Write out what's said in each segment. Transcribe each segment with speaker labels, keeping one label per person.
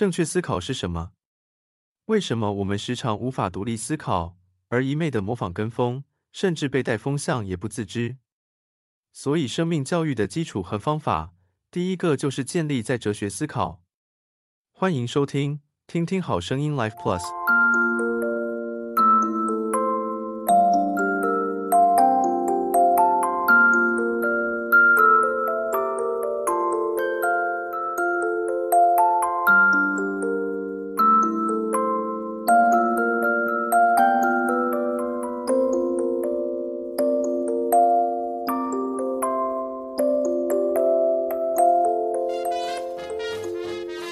Speaker 1: 正確思考是什麼？為什麼我們時常無法獨立思考，而一昧的模仿跟風，甚至被帶風向也不自知？所以，生命教育的基礎和方法，第一個就是建立在哲學思考。歡迎收聽，聽聽好聲音 Life Plus。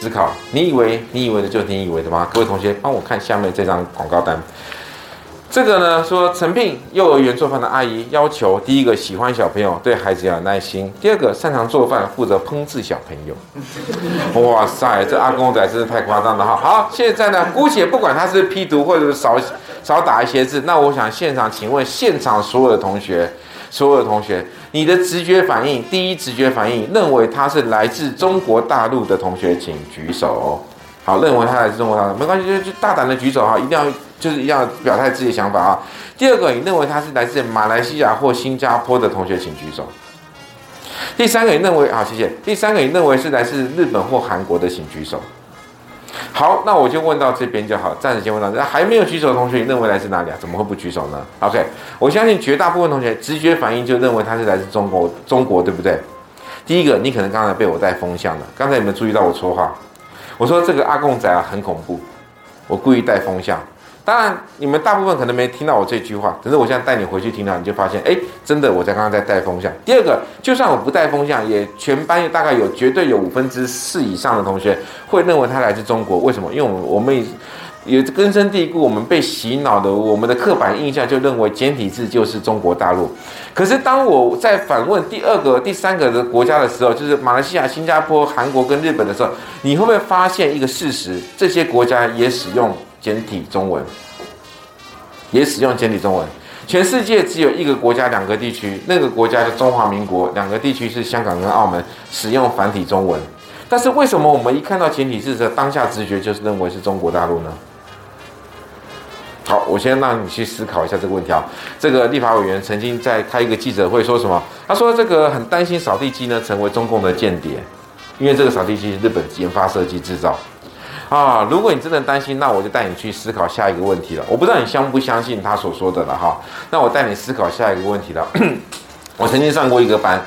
Speaker 1: 思考，你以為你以為的就你以為的嗎？各位同學，幫我看下面這張廣告單。這個呢，說誠聘幼兒園做飯的阿姨，要求第一個喜歡小朋友，對孩子要有耐心；第二個擅長做飯，負責烹制小朋友。哇塞，這阿公仔真是太誇張了哈！好，現在呢，姑且不管他是 P 圖或者是少少打一些字，那我想現場請問現場所有的同學。所有的同學，你的直覺反應，第一直覺反應認為他是來自中國大陸的同學，請舉手哦。好，認為他來自中國大陸，沒關係，就就大膽的舉手哈，一定要就是要表態自己的想法啊。第二個，你認為他是來自馬來西亞或新加坡的同學，請舉手。第三個，你認為，好，謝謝。第三個，你認為是來自日本或韓國的，請舉手。好，那我就問到這邊就好。暫時先問到這邊，還沒有舉手的同學，你認為來自哪裡啊？怎麼會不舉手呢？OK，我相信絕大部分同學直覺反應就認為他是來自中國，中國對不對？第一個，你可能剛才被我帶風向了。剛才有沒有注意到我說話？我說這個阿貢仔啊，很恐怖。我故意帶風向。當然，你們大部分可能沒聽到我這句話，可是我現在帶你回去聽到，你就發現，誒，真的，我才剛剛在帶風向。第二個，就算我不帶風向，也全班大概有絕對有五分之四以上的同學會認為他來自中國。為什麼？因為我們也有根深蒂固，我們被洗腦的我們的刻板印象就認為簡體字就是中國大陸。可是當我在反問第二個、第三個的國家的時候，就是馬來西亞、新加坡、韓國跟日本的時候，你會不會發現一個事實？這些國家也使用簡體中文，也使用簡體中文，全世界只有一個國家兩個地區，那個國家是中華民國，兩個地區是香港跟澳門使用繁體中文。但是為什麼我們一看到簡體字的當下直覺就是認為是中國大陸呢？好，我先讓你去思考一下這個問題啊。這個立法委員曾經在開一個記者會說什麼？他說這個很擔心掃地機呢成為中共的間諜，因為這個掃地機是日本研發設計制造。啊，如果你真的擔心，那我就帶你去思考下一個問題了。我不知道你相不相信他所說的了哈。那我帶你思考下一個問題了。 我曾經上過一個班，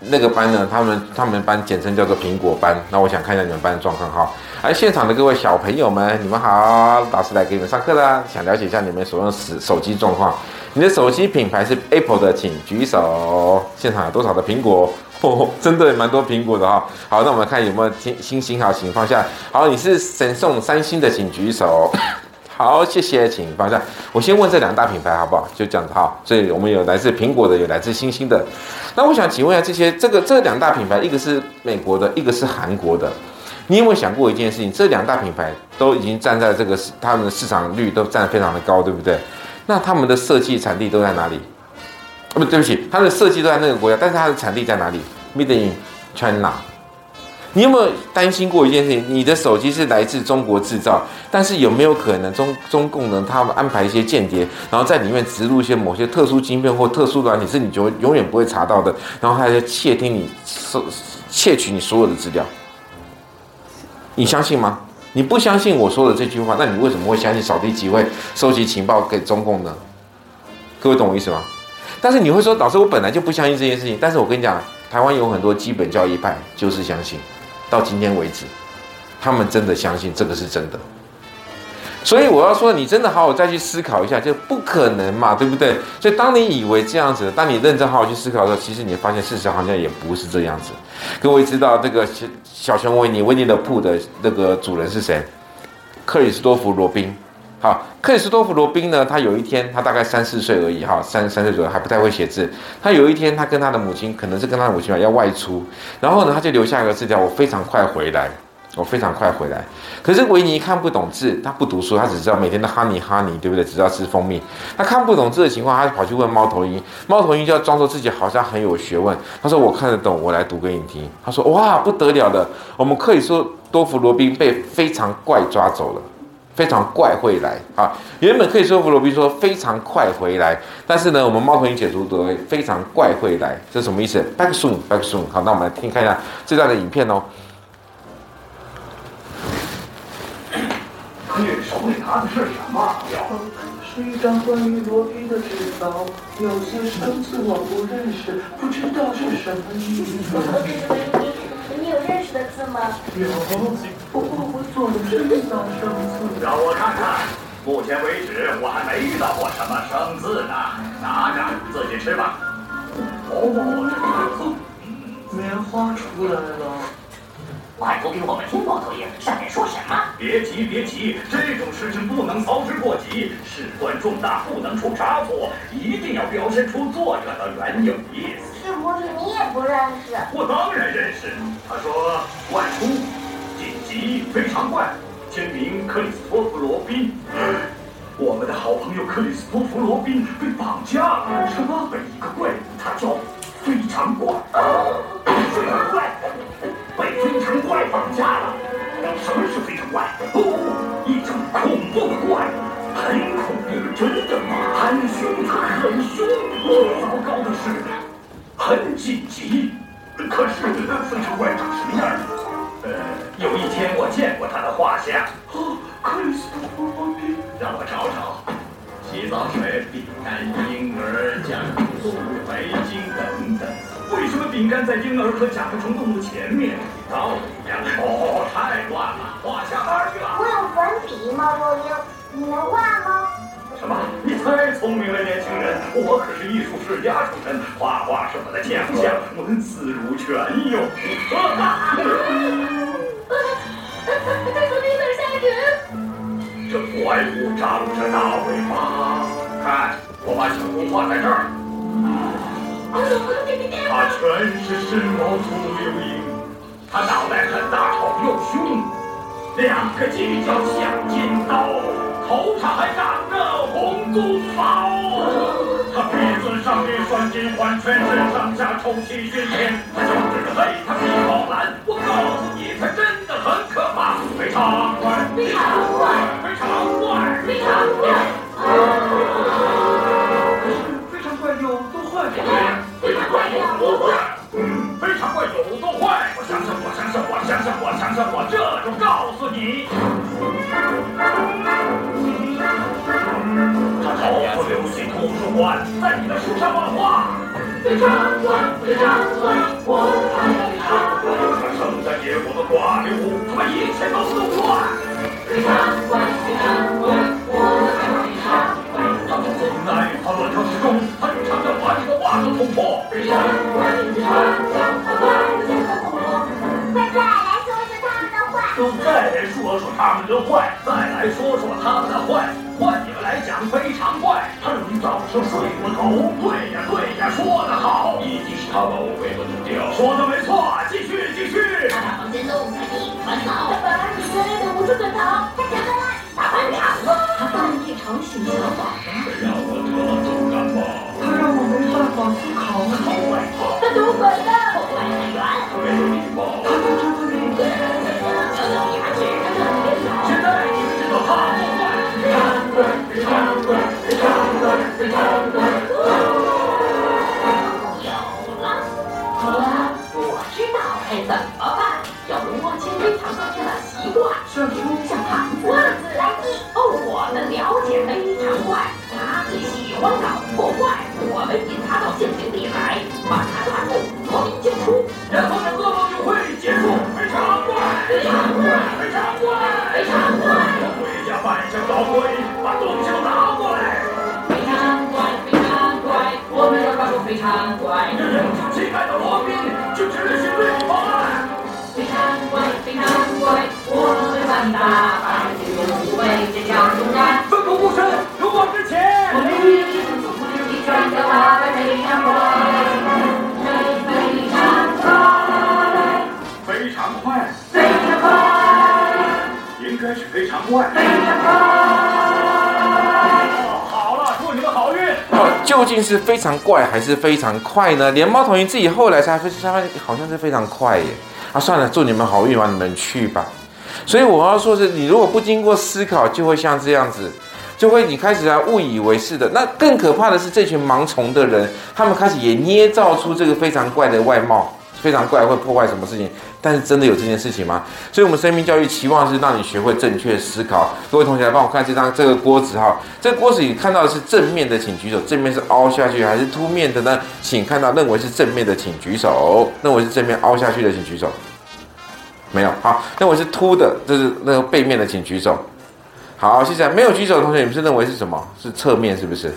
Speaker 1: 那個班呢，他們他們班簡稱叫做蘋果班。那我想看一下你們班的狀況哈。來，現場的各位小朋友們，你們好，老師來給你們上課了。想了解一下你們所用的手手機狀況，你的手機品牌是 Apple 的，請舉手。現場有多少的蘋果？哦，真的蠻多蘋果的哈。好，那我們看有沒有新新星，好，請放下。好，你是 Samsung 三星的，請舉手。好，謝謝，請放下。我先問這兩大品牌好不好？就這樣子，好。所以我們有來自蘋果的，有來自新星的。那我想請問一下這些，這個這兩大品牌，一個是美國的，一個是韓國的。你有沒有想過一件事情？這兩大品牌都已經站在這個市，他們的市場率都站得非常的高，對不對？那他們的設計產地都在哪裡？不、哦、對不起，它的設計都在那個國家，但是它的產地在哪裡？Made in China。你有沒有擔心過一件事情？你的手機是來自中國制造，但是有沒有可能中中共呢？他們安排一些間諜，然後在裡面植入一些某些特殊芯片或特殊軟體，是你就永遠不會查到的，然後他就竊聽你，竊取你所有的資料？你相信嗎？你不相信我說的這句話，那你為什麼會相信掃地機會收集情報給中共呢？各位懂我意思嗎？但是你會說，老師，我本來就不相信這件事情。但是我跟你講，台灣有很多基本教義派就是相信，到今天為止，他們真的相信這個是真的。所以我要說，你真的好好再去思考一下，就不可能嘛，對不對？所以當你以為這樣子，當你認真好好去思考的時候，其實你發現事實好像也不是這樣子。各位知道這個小熊維尼維尼的鋪的那個主人是誰？克里斯多夫羅賓。好，克里斯多夫羅賓呢？他有一天，他大概三四歲而已，哈，三三歲左右還不太會寫字。他有一天，他跟他的母親，可能是跟他的母親吧，要外出，然後呢，他就留下一個字條：“我非常快回來。”我、oh, 非常快回來，可是維尼看不懂字，他不讀書，他只知道每天都哈尼哈尼，對不對？只知道吃蜂蜜。他看不懂字的情況，他就跑去問貓頭鷹。貓頭鷹就要裝作自己好像很有學問。他說：“我看得懂，我來讀給你聽。”他說：“哇，不得了的！我們可以說多弗羅賓被非常怪抓走了，非常怪會來啊。原本可以說弗羅賓說非常快回來，但是呢，我們貓頭鷹解讀得非常怪會來，這什麼意思？Back soon, back soon。好，那我們來聽看一下這段的影片哦。”你手裡拿的是什麼、啊？是一張關於羅賓的紙條，有些生字我不認識，嗯、不知道是什麼意思。羅、欸、賓，羅、嗯、賓、啊，你有認識的字嗎？有，不過我總是遇到生字。讓我看看，目前為止我還沒遇到過什麼生字呢。拿着，自己吃吧。哦，棉花出來了。快讀給我們聽，貓頭鷹上面說什麼？別急別急，這種事情不能操之過急，事關重大，不能出差錯，一定要表現出作者的原有意思。是不是你也不認識？我當然認識。他說，外出，緊急，非常怪，簽名克里斯托弗羅賓、嗯。我們的好朋友克里斯托弗羅賓被綁架了，什麼被一個怪物？他叫非常怪，非常怪。怪綁架了？什麼是非常怪？不、哦，一種恐怖的怪，很恐怖，真的嗎？很兇殘，很、哦、兇。糟糕的是，很緊急。可是非常怪長什麼樣？呃，有一天我見過他的畫像。啊，可是不方便，讓我找找。洗澡水、餅乾、嬰兒、甲殼蟲、動物、白鯨等等。為什麼餅乾在嬰兒和甲殼蟲動物前面？到裡面了哦，太亂了，畫下班去了。我有粉筆，貓頭鷹，你能畫嗎？什麼？你太聰明了，年輕人，我可是藝術世家出身，畫畫是我的強項，文思如泉湧。哈哈哈哈哈！這從哪怪物長着大尾巴，看，我把小紅畫在這兒。啊！給我這個電話。它全是濕毛粗流音。他腦袋很大，口又凶，兩個犄角像尖刀，頭上還長着紅鬃毛。他鼻子上面拴金環，全身上下臭氣熏天。他腳趾黑，他皮毛藍。我告訴你，他真的很可怕，非常怪，非常怪，非常怪，非常怪。長怪，長怪，我愛長怪。他生在野火的花裡，他把一切都弄壞。長怪，長怪，我愛長怪。他總在他亂跳之中，他常官，把你的話子捅破。長怪，長怪，我愛長怪。快再來說說他們的壞，再來說說他們的壞，再來說說他們的壞。換你們來講非常怪，他讓你早上睡過頭。對。說得好，一定是他把我尾
Speaker 2: 巴弄掉。說的沒錯，繼續，繼續。他把房間弄
Speaker 1: 得一團糟。他把耳機摔得無處可逃。他加班了，了，打完場了。他半夜吵醒小寶了。他讓我得了重感冒。他讓我沒辦法思考了。他毒他毒壞了。引他到陷阱裡來，把他抓住，羅賓救出，然後這噩夢就會結束。非常乖，非常乖，非常乖，非常乖。回家半箱倒杯，把東西都拿過來。非常乖，非常乖，我們要幫都非常乖。這人靜機的羅賓就執行任務了。非常乖，非常乖，我們最棒。啊、好了，祝你們好運、哦。究竟是非常怪還是非常快呢？連貓頭鷹自己後來才發現，好像是非常快耶。啊，算了，祝你們好運吧，你們去吧。所以我要說的是，是你如果不經過思考，就會像這樣子，就會你開始啊，誤以為是的。那更可怕的是，這群盲從的人，他們開始也捏造出這個非常怪的外貌。非常怪會破壞什麼事情，但是真的有這件事情嗎？所以，我們生命教育期望是讓你學會正確思考。各位同學來幫我看這張這個鍋子哈，這個鍋子你看到的是正面的，請舉手。正面是凹下去還是凸面的呢？請看到認為是正面的，請舉手，哦。認為是正面凹下去的，請舉手。沒有好，認為是凸的，這就是那個背面的，請舉手。好，謝謝。沒有舉手的同學，你們是認為是什麼？是側面是不是？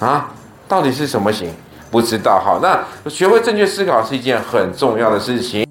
Speaker 1: 啊，到底是什麼形？不知道，好，那學會正確思考是一件很重要的事情。